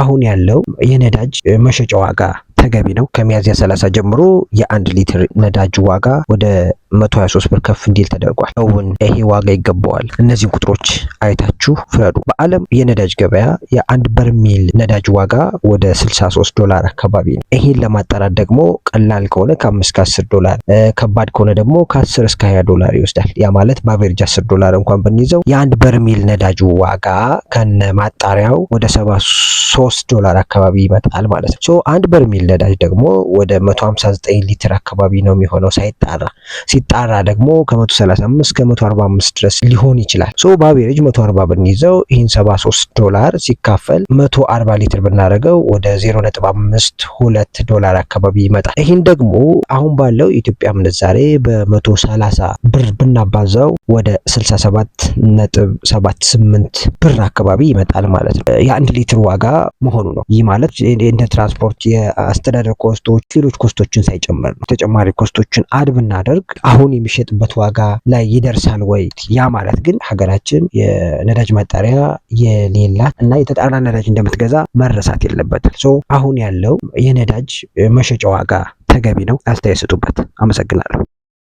አሁን ያለው የነዳጅ መሸጫ ዋጋ ተገቢ ነው። ከሚያዝያ 30 ጀምሮ የአንድ ሊትር ነዳጅ ዋጋ ወደ 123 ብር ከፍ እንዲል ተደርጓል። እውን ይሄ ዋጋ ይገባዋል? እነዚህን ቁጥሮች አይታችሁ ፍረዱ። በዓለም የነዳጅ ገበያ የአንድ በርሜል ነዳጅ ዋጋ ወደ 63 ዶላር አካባቢ ነው። ይሄን ለማጣራት ደግሞ ቀላል ከሆነ ከ5 እስከ 10 ዶላር፣ ከባድ ከሆነ ደግሞ ከ10 እስከ 20 ዶላር ይወስዳል። ያ ማለት በአቬሬጅ 10 ዶላር እንኳን ብንይዘው የአንድ በርሜል ነዳጅ ዋጋ ከነ ማጣሪያው ወደ 73 ዶላር አካባቢ ይመጣል ማለት ነው። አንድ በርሜል ነዳጅ ደግሞ ወደ 159 ሊትር አካባቢ ነው የሚሆነው ሳይጣራ ሲጣራ ደግሞ ከ135 እስከ 145 ድረስ ሊሆን ይችላል። ሶ በአቬሬጅ 140 ብንይዘው ይህን 73 ዶላር ሲካፈል 140 ሊትር ብናደርገው ወደ 0.52 ዶላር አካባቢ ይመጣል። ይህን ደግሞ አሁን ባለው የኢትዮጵያ ምንዛሬ በ130 ብር ብናባዛው ወደ 67.78 ብር አካባቢ ይመጣል ማለት ነው። የአንድ ሊትር ዋጋ መሆኑ ነው። ይህ ማለት እንደ ትራንስፖርት፣ የአስተዳደር ኮስቶች፣ ሌሎች ኮስቶችን ሳይጨምር ነው። ተጨማሪ ኮስቶችን አድ ብናደርግ አሁን የሚሸጥበት ዋጋ ላይ ይደርሳል ወይ? ያ ማለት ግን ሀገራችን የነዳጅ ማጣሪያ የሌላት እና የተጣራ ነዳጅ እንደምትገዛ መረሳት የለበትም። ሶ አሁን ያለው የነዳጅ መሸጫ ዋጋ ተገቢ ነው። አስተያየት ስጡበት። አመሰግናለሁ።